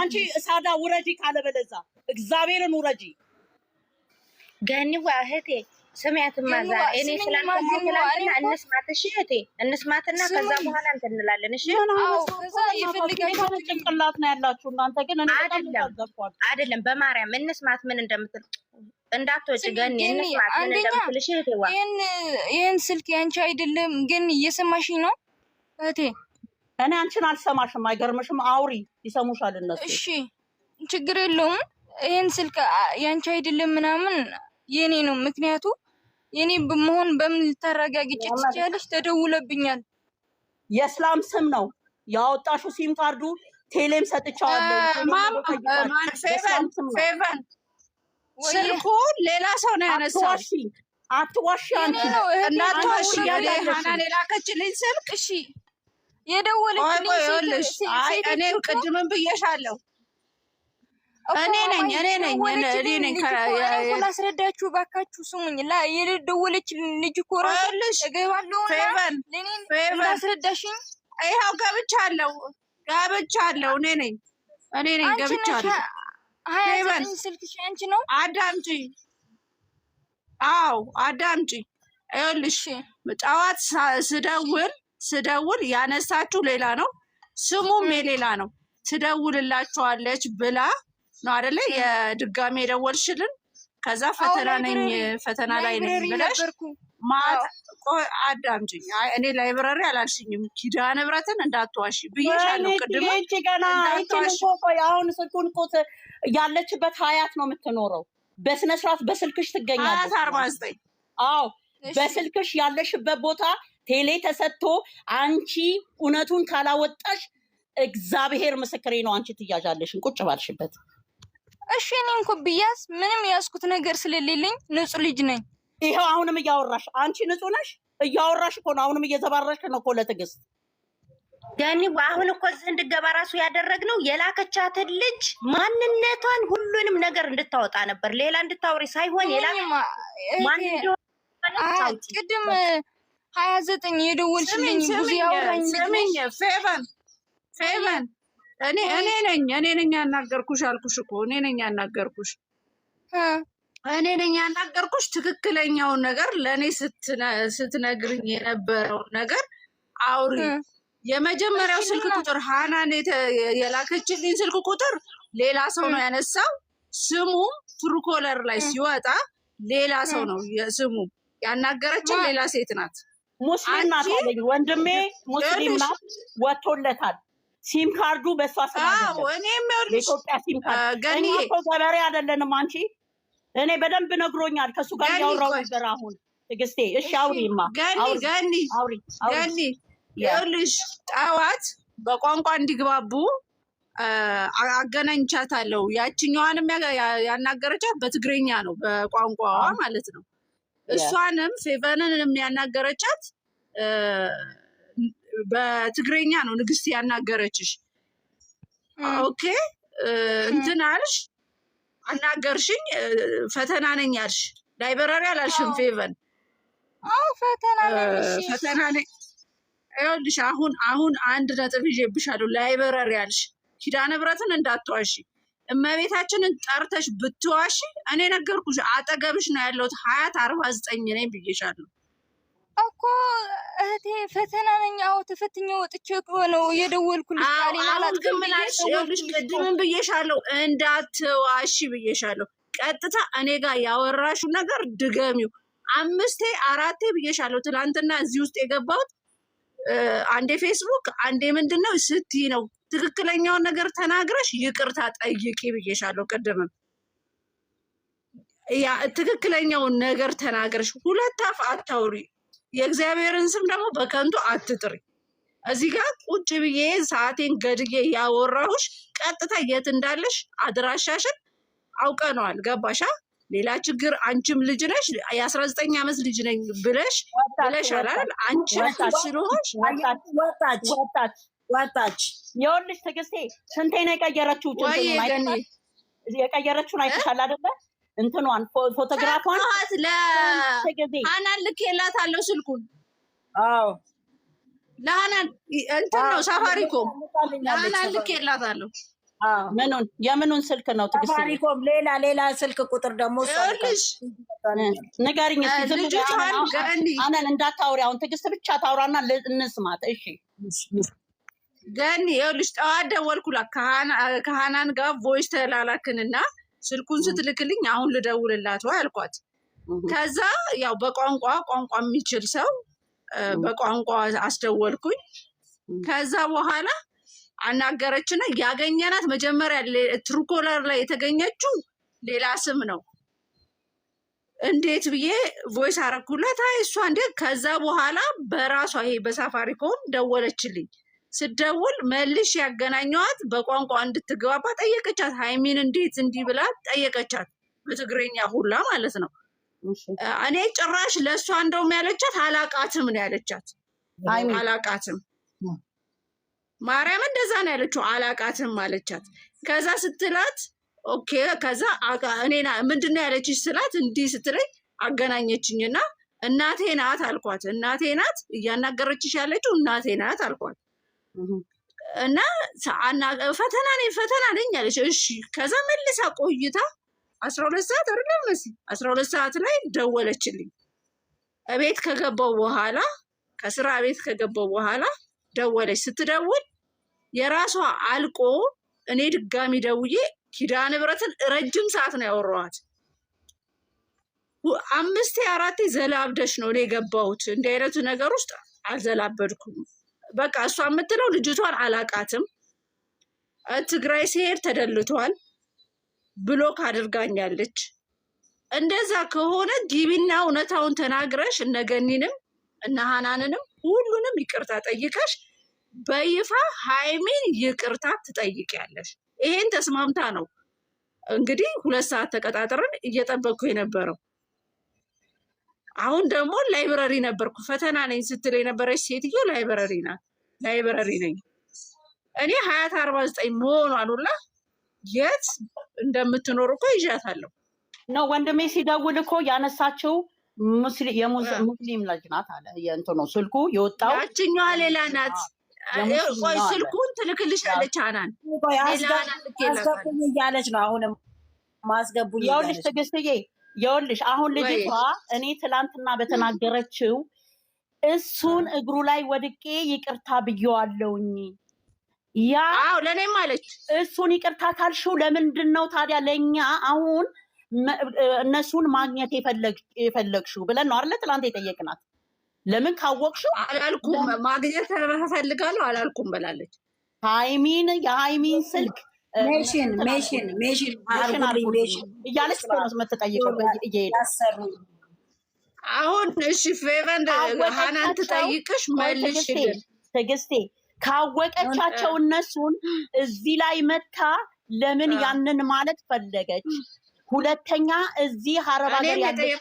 አንቺ እሳዳ ውረጂ፣ ካለበለዛ እግዚአብሔርን ውረጂ። ገኒ እህቴ ስሚያትማ፣ እዛ እኔ ስላልከምትላትና እንስማት። እሺ እህቴ እንስማትና ከዛ በኋላ እንትን እንላለን። እሺ ጭንቅላት ነው ያላችሁ እናንተ። ግን አይደለም በማርያም እንስማት ምን እንደምትል እንዳትወጪ ገኒ፣ እንስማት ምን እንደምትል። እሺ እህቴዋ ይህን ስልክ ያንቺ አይደለም ግን እየሰማሽኝ ነው እህቴ እኔ አንቺን አልሰማሽም። አይገርምሽም? አውሪ ይሰሙሻል እነሱ። እሺ ችግር የለውም። ይህን ስልክ ያንቺ አይደለም ምናምን የኔ ነው። ምክንያቱ የኔ መሆን በምን ልታረጋግጭ ትችያለሽ? ተደውለብኛል። የእስላም ስም ነው ያወጣሽው ሲም ካርዱ። ቴሌም ሰጥቻዋለሁ። ስልኩ ሌላ ሰው ነው ያነሳው። አትዋሺ አንቺ። እናቷ ሌላ ከችልኝ ስልክ እሺ የደወለችልሽ ቅድምን ቅድምም ብዬሻለሁ። እኔ ነኝ እኔ ነኝ እኔ ነኝ ላስረዳችሁ፣ እባካችሁ ስሙኝ። ልጅ እኮ እራሱ እገባለሁ። ላስረዳሽኝ። ይኸው ገብቻለሁ፣ ገብቻለሁ። እኔ ነኝ እኔ ነኝ ገብቻለሁ። ስልክሽ አንቺ ነው። አዳምጪኝ። አዎ አዳምጪኝ። ይኸውልሽ ጠዋት ስደውል ስደውል ያነሳችሁ ሌላ ነው፣ ስሙም የሌላ ነው። ትደውልላችኋለች ብላ ነው አደለ? የድጋሜ የደወልሽልን። ከዛ ፈተና ነኝ ፈተና ላይ ነኝ ብለሽ አዳምጪኝ። እኔ ላይብረሪ አላልሽኝም። ኪዳ ንብረትን እንዳትዋሺ ብዬሻለሁ። ቅድም አሁን ስልኩን ቁት ያለችበት ሀያት ነው የምትኖረው። በስነስርዓት በስልክሽ ትገኛለች። አርባ ዘጠኝ አዎ በስልክሽ ያለሽበት ቦታ ቴሌ ተሰጥቶ አንቺ እውነቱን ካላወጣሽ እግዚአብሔር ምስክሬ ነው፣ አንቺ ትያዣለሽን ቁጭ ባልሽበት። እሺ እኔ እንኳ ብያዝ ምንም ያዝኩት ነገር ስለሌለኝ ንጹህ ልጅ ነኝ። ይኸው አሁንም እያወራሽ አንቺ ንጹህ ነሽ፣ እያወራሽ እኮ ነው። አሁንም እየዘባረሽ ነው እኮ ለትዕግስት ያኒ አሁን እኮ እዚህ እንድገባ ራሱ ያደረግነው የላከቻትን ልጅ ማንነቷን ሁሉንም ነገር እንድታወጣ ነበር። ሌላ እንድታወሪ ሳይሆን የላ ቅድም ሀያ ዘጠኝ የደወልሽልኝ ብዙ ያወራኝ ፌቨን ፌቨን እኔ እኔ ነኝ እኔ ነኝ ያናገርኩሽ አልኩሽ እኮ እኔ ነኝ ያናገርኩሽ እኔ ነኝ ያናገርኩሽ ትክክለኛውን ነገር ለእኔ ስትነግርኝ የነበረውን ነገር አውሪ። የመጀመሪያው ስልክ ቁጥር ሀናን የላከችልኝ ስልክ ቁጥር ሌላ ሰው ነው ያነሳው። ስሙ ትሩኮለር ላይ ሲወጣ ሌላ ሰው ነው ስሙ ያናገረችን ሌላ ሴት ናት። ሙስሊም ናት አለኝ ወንድሜ፣ ሙስሊም ናት ወጥቶለታል። ሲም ካርዱ በእሷ ሲም ካርድ እኔ እኮ ገበሬ አይደለንም። አንቺ እኔ በደንብ ነግሮኛል። ከእሱ ጋር እያወራሁ ነበር አሁን ትግስቴ። እሺ አውሪማ ገኒ ገኒ ይኸውልሽ ጠዋት በቋንቋ እንዲግባቡ አገናኝቻታለሁ። ያችኛዋንም ያናገረቻት በትግረኛ ነው በቋንቋዋ ማለት ነው እሷንም ፌቨንንም ያናገረቻት በትግረኛ ነው። ንግስት ያናገረችሽ ኦኬ እንትን አልሽ አናገርሽኝ ፈተና ነኝ አልሽ። ላይበራሪ አላልሽም ፌቨን ፈተና ነኝ ይኸውልሽ። አሁን አሁን አንድ ነጥብ ይዤብሻለሁ። ላይበራሪ አልሽ ኪዳነ ብረትን እንዳትዋሺ እመቤታችንን ጠርተሽ ብትዋሽ እኔ ነገርኩሽ፣ አጠገብሽ ነው ያለሁት። ሀያት አርባ ዘጠኝ ነኝ ብዬሻለሁ እኮ እህቴ። ፈተና ነኝ አዎ፣ ተፈትኜ ወጥቼ ነው የደወልኩልሽ። አሁን ግን ምን አልሽ? ቅድምን ብዬሻለሁ፣ እንዳትዋሺ ብዬሻለሁ። ቀጥታ እኔ ጋር ያወራሹ ነገር ድገሚው። አምስቴ አራቴ ብዬሻለሁ። ትናንትና እዚህ ውስጥ የገባሁት አንዴ ፌስቡክ፣ አንዴ ምንድን ነው ስቲ ነው ትክክለኛውን ነገር ተናግረሽ ይቅርታ ጠይቂ ብዬሻለሁ። ቅድምም ያ ትክክለኛውን ነገር ተናግረሽ ሁለት አፍ አታውሪ። የእግዚአብሔርን ስም ደግሞ በከንቱ አትጥሪ። እዚህ ጋር ቁጭ ብዬ ሰዓቴን ገድዬ ያወራሁሽ ቀጥታ የት እንዳለሽ አድራሻሽን አውቀነዋል። ገባሻ? ሌላ ችግር አንቺም ልጅ ነሽ፣ የአስራ ዘጠኝ ዓመት ልጅ ነኝ ብለሽ ብለሽ አላል አንቺ ስለሆንሽ ወጣች ወጣች። የወልሽ ትዕግስቴ ስንቴ ነው የቀየረችው? የቀየረችውን አይተሻል አይደለ? እንትኗን ፎቶግራፏን ለሀናን ልኬላታለሁ። ስልኩን አዎ፣ ለሀናን እንትን ነው ሳፋሪኮም፣ ለሀናን ልኬላታለሁ። ምኑን የምኑን ስልክ ነው ትዕግስቴ? ሌላ ሌላ ስልክ ቁጥር ደግሞ ልሽ ንገሪኝ ልጆች፣ አነን እንዳታውሪ አሁን። ትግስት ብቻ ታውራና እንስማት። እሺ ገኒ ይኸውልሽ፣ ጠዋት ደወልኩላት ከሀናን ጋር ቮይስ ተላላክንና ስልኩን ስትልክልኝ አሁን ልደውልላት አልኳት። ከዛ ያው በቋንቋ ቋንቋ የሚችል ሰው በቋንቋ አስደወልኩኝ። ከዛ በኋላ አናገረችና ያገኘናት መጀመሪያ ትሩኮለር ላይ የተገኘችው ሌላ ስም ነው። እንዴት ብዬ ቮይስ አረኩላት። አይ እሷ እንዴ! ከዛ በኋላ በራሷ ይሄ በሳፋሪኮም ደወለችልኝ። ስደውል መልሽ ያገናኘዋት በቋንቋ እንድትግባባ ጠየቀቻት። ሀይሚን እንዴት እንዲህ ብላ ጠየቀቻት፣ በትግረኛ ሁላ ማለት ነው። እኔ ጭራሽ ለእሷ እንደውም ያለቻት አላቃትም ነው ያለቻት። አላቃትም ማርያም እንደዛ ነው ያለችው። አላቃትም አለቻት። ከዛ ስትላት ኦኬ። ከዛ እኔና ምንድን ነው ያለችሽ ስላት እንዲህ ስትለኝ አገናኘችኝና እናቴ ናት አልኳት። እናቴ ናት እያናገረችሽ ያለችው እናቴ ናት አልኳት። እና ፈተና ፈተና ነኝ አለች። እሺ ከዛ መልሳ ቆይታ አስራ ሁለት ሰዓት አይደለም መሲ አስራ ሁለት ሰዓት ላይ ደወለችልኝ። እቤት ከገባው በኋላ ከስራ ቤት ከገባው በኋላ ደወለች። ስትደውል የራሷ አልቆ እኔ ድጋሚ ደውዬ ኪዳነ ምሕረትን ረጅም ሰዓት ነው ያወራኋት። አምስቴ አራቴ ዘላብደሽ ነው እኔ የገባሁት። እንዲህ አይነቱ ነገር ውስጥ አልዘላበድኩም። በቃ እሷ የምትለው ልጅቷን አላቃትም፣ ትግራይ ሲሄድ ተደልቷል፣ ብሎክ አድርጋኛለች። እንደዛ ከሆነ ጊቢና እውነታውን ተናግረሽ እነገኒንም እነ ሁሉንም ይቅርታ ጠይቀሽ በይፋ ሀይሚን ይቅርታ ትጠይቂያለሽ። ይሄን ተስማምታ ነው እንግዲህ ሁለት ሰዓት ተቀጣጥረን እየጠበቅኩ የነበረው። አሁን ደግሞ ላይብረሪ ነበርኩ ፈተና ነኝ ስትል የነበረች ሴትዮ ላይብረሪ ናት። ላይብረሪ ነኝ እኔ ሀያት አርባ ዘጠኝ መሆኑ አሉላ የት እንደምትኖር እኮ ይዣታለሁ ነው ወንድሜ ሲደውል እኮ ያነሳችው ሙስሊም ልጅ ናት አለ የእንትኑ ስልኩ የወጣው ያችኛዋ ሌላ ናት። ቆይ ስልኩን ትልክልሻለች አናን ሌላ ናት እያለች ነው አሁንም ማስገቡ ልጅ ትግስትዬ የወልሽ አሁን ልጅቷ እኔ ትላንትና በተናገረችው እሱን እግሩ ላይ ወድቄ ይቅርታ ብየዋለውኝ። ያ ለእኔም አለች። እሱን ይቅርታ ካልሽው ለምንድን ነው ታዲያ ለእኛ አሁን እነሱን ማግኘት የፈለግሽው ብለን ነው አለ ትላንት የጠየቅናት ለምን ካወቅሽው አላልኩም። ማግኘት እፈልጋለሁ አላልኩም ብላለች። ሃይሚን የሃይሚን ስልክ ሜሽን ሜሽን ሜሽን እያለች ነው የምትጠይቀው። እየሄድን አሁን እሺ፣ ፌቨን ሀናን ትጠይቅሽ መልሽ። ትዕግስቴ ካወቀቻቸው እነሱን እዚህ ላይ መታ ለምን ያንን ማለት ፈለገች? ሁለተኛ እዚህ አረብ ሀገር ያለች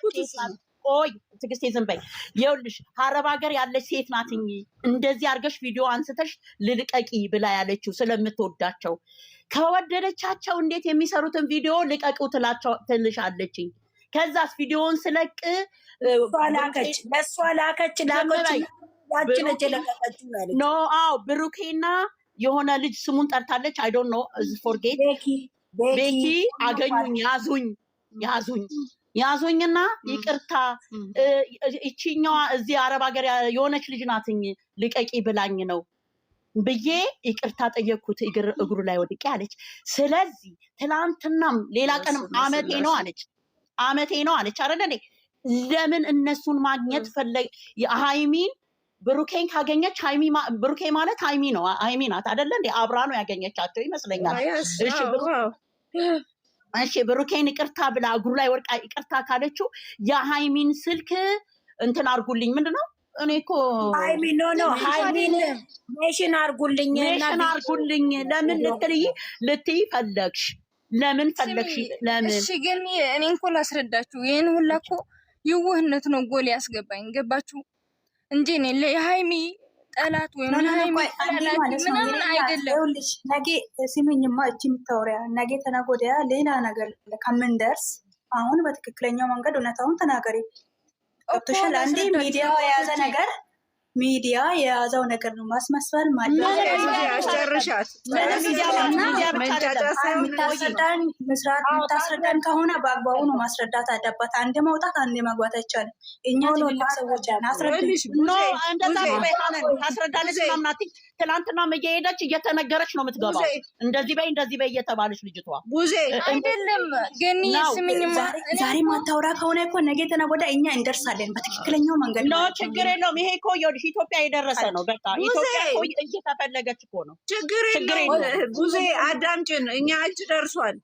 ቆይ ትግስቴ ዝም በይ። ይኸውልሽ ሀረብ ሀገር ያለች ሴት ናትኝ እንደዚህ አድርገሽ ቪዲዮ አንስተሽ ልልቀቂ ብላ ያለችው ስለምትወዳቸው ከወደደቻቸው እንዴት የሚሰሩትን ቪዲዮ ልቀቁ ትልሻለችኝ። ከዛስ ቪዲዮውን ስለቅ ላከች ለእሷ ላከች ኖ አዎ ብሩኬና የሆነ ልጅ ስሙን ጠርታለች። አይዶን ኖ ፎርጌት ቤኪ አገኙኝ፣ ያዙኝ ያዙኝ ያዞኝና ይቅርታ ይቺኛዋ እዚህ አረብ ሀገር የሆነች ልጅ ናትኝ ልቀቂ ብላኝ ነው ብዬ ይቅርታ ጠየቅኩት። እግር እግሩ ላይ ወድቄ አለች። ስለዚህ ትናንትናም ሌላ ቀንም አመቴ ነው አለች፣ አመቴ ነው አለች። አረለ ለምን እነሱን ማግኘት ፈለግ ሀይሚን ብሩኬን ካገኘች ብሩኬ ማለት ሀይሚ ነው ሀይሚ ናት አደለ እንዴ? አብራ ነው ያገኘቻቸው ይመስለኛል። እሺ ብሩኬን ይቅርታ ብላ እግሩ ላይ ወርቃ ይቅርታ ካለችው የሃይሚን ስልክ እንትን አርጉልኝ። ምንድን ነው እኔ ኮ ሃይሚን ኖ ኖ ሃይሚን ሜሽን አድርጉልኝ ሜሽን አድርጉልኝ ለምን ልትልይ ልትይ ፈለግሽ ለምን ፈለግሽ ለምን እሺ ግን እኔ እንኮ ላስረዳችሁ ይህን ሁላ እኮ ይውህነት ነው ጎል ያስገባኝ ገባችሁ እንጂ እኔ የሃይሚ ጠላት ወይም ምናምን አይደለም። ነገ ስምኝማ፣ እቺ የምታወሪያ ነገ ተነገ ወዲያ ሌላ ነገር ከምንደርስ አሁን በትክክለኛው መንገድ እውነታውን ተናገሪ። ገብቶሻል? አንዴ ሚዲያው የያዘ ነገር ሚዲያ የያዘው ነገር ነው። ምስራት የምታስረዳን ከሆነ በአግባቡ ነው ማስረዳት አለባት። አንድ መውጣት፣ አንድ መግባት አይቻልም። እኛ ሰዎች ትላንትና እየሄደች እየተነገረች ነው የምትገባ እንደዚህ በይ እንደዚህ በይ እየተባለች ልጅቷ ቡዜ አይደለም ግን ስምኝ፣ ዛሬ ማታወራ ከሆነ እኮ ነገ ተነጎዳ እኛ እንደርሳለን በትክክለኛው መንገድ ነው። ችግር የለውም። ይሄ እኮ ይኸውልሽ ኢትዮጵያ የደረሰ ነው። በቃ ኢትዮጵያ እየተፈለገች እኮ ነው። ችግር የለውም። ቡዜ እኛ እጅ ደርሷል።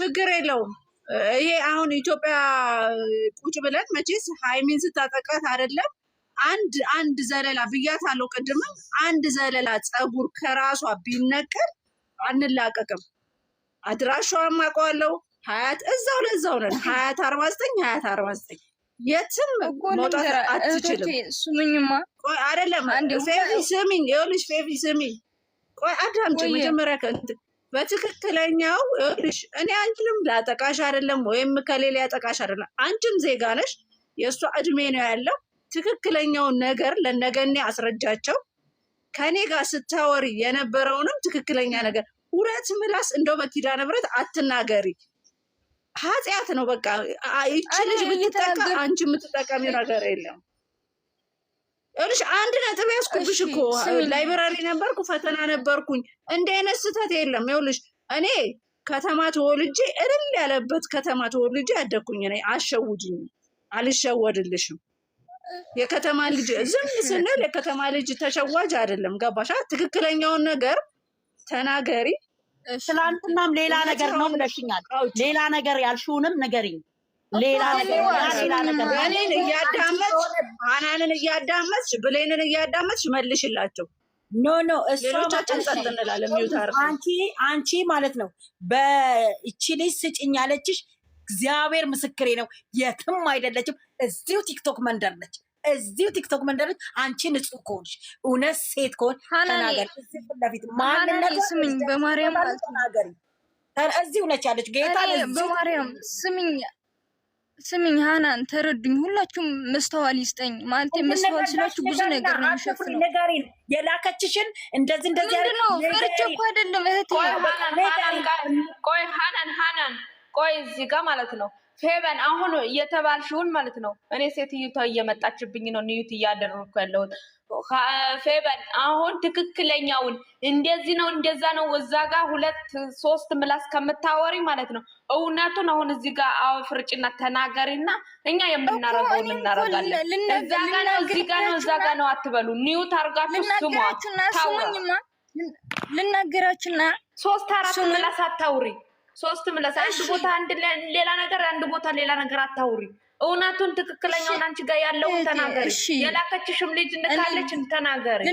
ችግር የለውም። ይሄ አሁን ኢትዮጵያ ቁጭ ብለን መቼስ ሀይሚን ስታጠቃት አይደለም አንድ አንድ ዘለላ ብያት አለው ቅድምም አንድ ዘለላ ፀጉር ከራሷ ቢነቀል አንላቀቅም። አድራሻዋን አውቀዋለሁ። ሀያት እዛው ለዛው ነን። ሀያት አርባ ዘጠኝ ሀያት አርባ ዘጠኝ የትም መውጣት አትችልም። ስሙኝማ፣ ቆይ አይደለም ፌቪ ስሚኝ፣ ይኸውልሽ ፌቪ ስሚኝ፣ ቆይ አዳምጪ መጀመሪያ ከንት በትክክለኛው ይኸውልሽ፣ እኔ አንቺንም ላጠቃሽ አይደለም ወይም ከሌላ ያጠቃሽ አይደለም። አንቺም ዜጋ ነሽ፣ የእሷ እድሜ ነው ያለው ትክክለኛውን ነገር ለነገኔ አስረጃቸው። ከኔ ጋር ስታወሪ የነበረውንም ትክክለኛ ነገር ሁለት ምላስ እንደው በኪዳ ንብረት አትናገሪ። ኃጢአት ነው። በቃ ይቺ ልጅ ብትጠቃ አንቺ የምትጠቀሚው ነገር የለም። ይኸውልሽ አንድ ነጥብ ያስኩብሽ እኮ ላይብራሪ ነበርኩ፣ ፈተና ነበርኩኝ። እንደ አይነት ስህተት የለም። ይኸውልሽ እኔ ከተማ ተወልጄ እልል ያለበት ከተማ ተወልጄ ያደግኩኝ ነ አሸውጅኝ፣ አልሸወድልሽም የከተማ ልጅ ዝም ስንል የከተማ ልጅ ተሸዋጅ አይደለም። ገባሻ? ትክክለኛውን ነገር ተናገሪ። ትላንትናም ሌላ ነገር ነው ብለሽኛል። ሌላ ነገር ያልሽውንም ንገሪኝ። ሌላ ነገር እኔን እያዳመጥሽ አናንን እያዳመጥሽ ብሌንን እያዳመጥሽ መልሽላቸው። ኖ ኖ ሌሎቻችን ጸጥ እንላለን። ሚውታር አንቺ አንቺ ማለት ነው በእቺ ልጅ ስጭኝ ያለችሽ እግዚአብሔር ምስክሬ ነው። የትም አይደለችም። እዚሁ ቲክቶክ መንደር ነች። እዚሁ ቲክቶክ መንደር ነች። አንቺ ንጹህ ከሆንሽ እውነት ሴት ከሆን ተናገሪ። ለፊት ማንነት ስምኝ፣ በማርያም ተናገሪ። እዚሁ ነች ያለች ጌታ በማርያም ስምኝ ስምኝ ሀናን ተረዱኝ። ሁላችሁም መስተዋል ይስጠኝ። ማለት መስተዋል ስላችሁ ብዙ ነገር ነው የሚሸፍነው። ነገሪን የላከችሽን እንደዚህ እንደዚህ ምንድን ነው ፈርቼ እኮ አይደለም እህት ቆይ ሃናን ሀናን ቆይ እዚህ ጋር ማለት ነው ፌቨን አሁን እየተባልሽውን ማለት ነው። እኔ ሴትዮቷ እየመጣችብኝ ነው ንዩት እያደረኩ ያለሁት ፌቨን አሁን ትክክለኛውን እንደዚህ ነው እንደዛ ነው እዛ ጋር ሁለት ሶስት ምላስ ከምታወሪ ማለት ነው እውነቱን አሁን እዚህ ጋር አፍርጭና ተናገሪና እኛ የምናረገውን እናረጋለን። እዛ ጋ ነው እዚህ ጋ ነው እዛ ጋ ነው አትበሉ። ኒዩት አርጋችሁ ስሟ ልናገራችሁና ሶስት አራት ምላስ አታውሪ ሶስትም ለሳይንስ ቦታ አንድ ሌላ ነገር አንድ ቦታ ሌላ ነገር አታውሪ። እውነቱን ትክክለኛውን አንቺ ጋር ያለውን ተናገሪ። የላከችሽም ልጅ እንካለች ተናገሪ።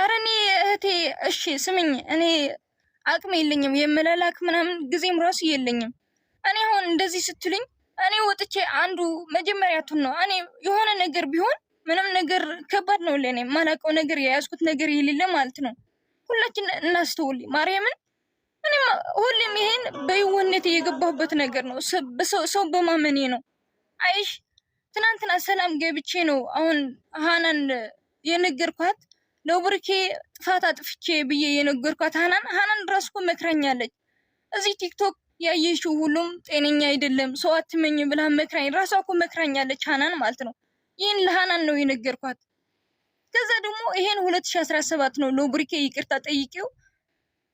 ኧረ እኔ እህቴ እሺ ስምኝ፣ እኔ አቅም የለኝም የመላላክ ምናምን ጊዜም ራሱ የለኝም። እኔ አሁን እንደዚህ ስትልኝ እኔ ወጥቼ አንዱ መጀመሪያቱን ነው እኔ የሆነ ነገር ቢሆን ምንም ነገር ከባድ ነው ለእኔ ማላውቀው ነገር የያዝኩት ነገር የሌለ ማለት ነው ሁላችን እናስተውል ማርያምን። እኔም ሁሌም ይሄን በይወነት የገባሁበት ነገር ነው፣ ሰው በማመኔ ነው። አይሽ ትናንትና ሰላም ገብቼ ነው አሁን ሀናን የነገርኳት ለብርኬ ጥፋት አጥፍቼ ብዬ የነገርኳት ሀናን ሀናን ራሱ እኮ መክራኛለች። እዚህ ቲክቶክ ያየችው ሁሉም ጤነኛ አይደለም ሰው አትመኝ ብላ መክራኝ ራሷ እኮ መክራኛለች ሀናን ማለት ነው። ይህን ለሀናን ነው የነገርኳት። ከዛ ደግሞ ይሄን 2017 ሰባት ነው ሎብሪኬ ይቅርታ ጠይቄው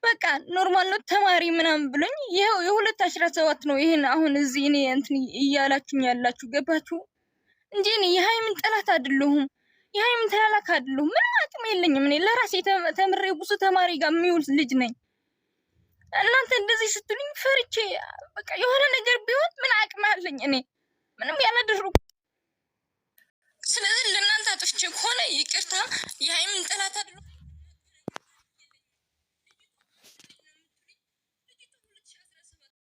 በቃ ኖርማል ነው ተማሪ ምናምን ብሎኝ ይኸው የሁለት 2017 ሰባት ነው ይሄን አሁን እዚህ እኔ እንትን እያላችሁኝ ያላችሁ ገባችሁ እንጂ እኔ የሀይምን ጠላት አይደለሁም የሃይምን ተላላክ አይደለሁም ምንም አቅም የለኝም እኔ ለራሴ ተምሬ ብዙ ተማሪ ጋር የሚውል ልጅ ነኝ እናንተ እንደዚህ ስትሉኝ ፈርቼ በቃ የሆነ ነገር ቢሆን ምን አቅም አለኝ እኔ ምንም ያላደረኩ ስለዚህ ለእናንተ አጥፍቼ ከሆነ ይቅርታ የሃይምን ጠላት አድርጎ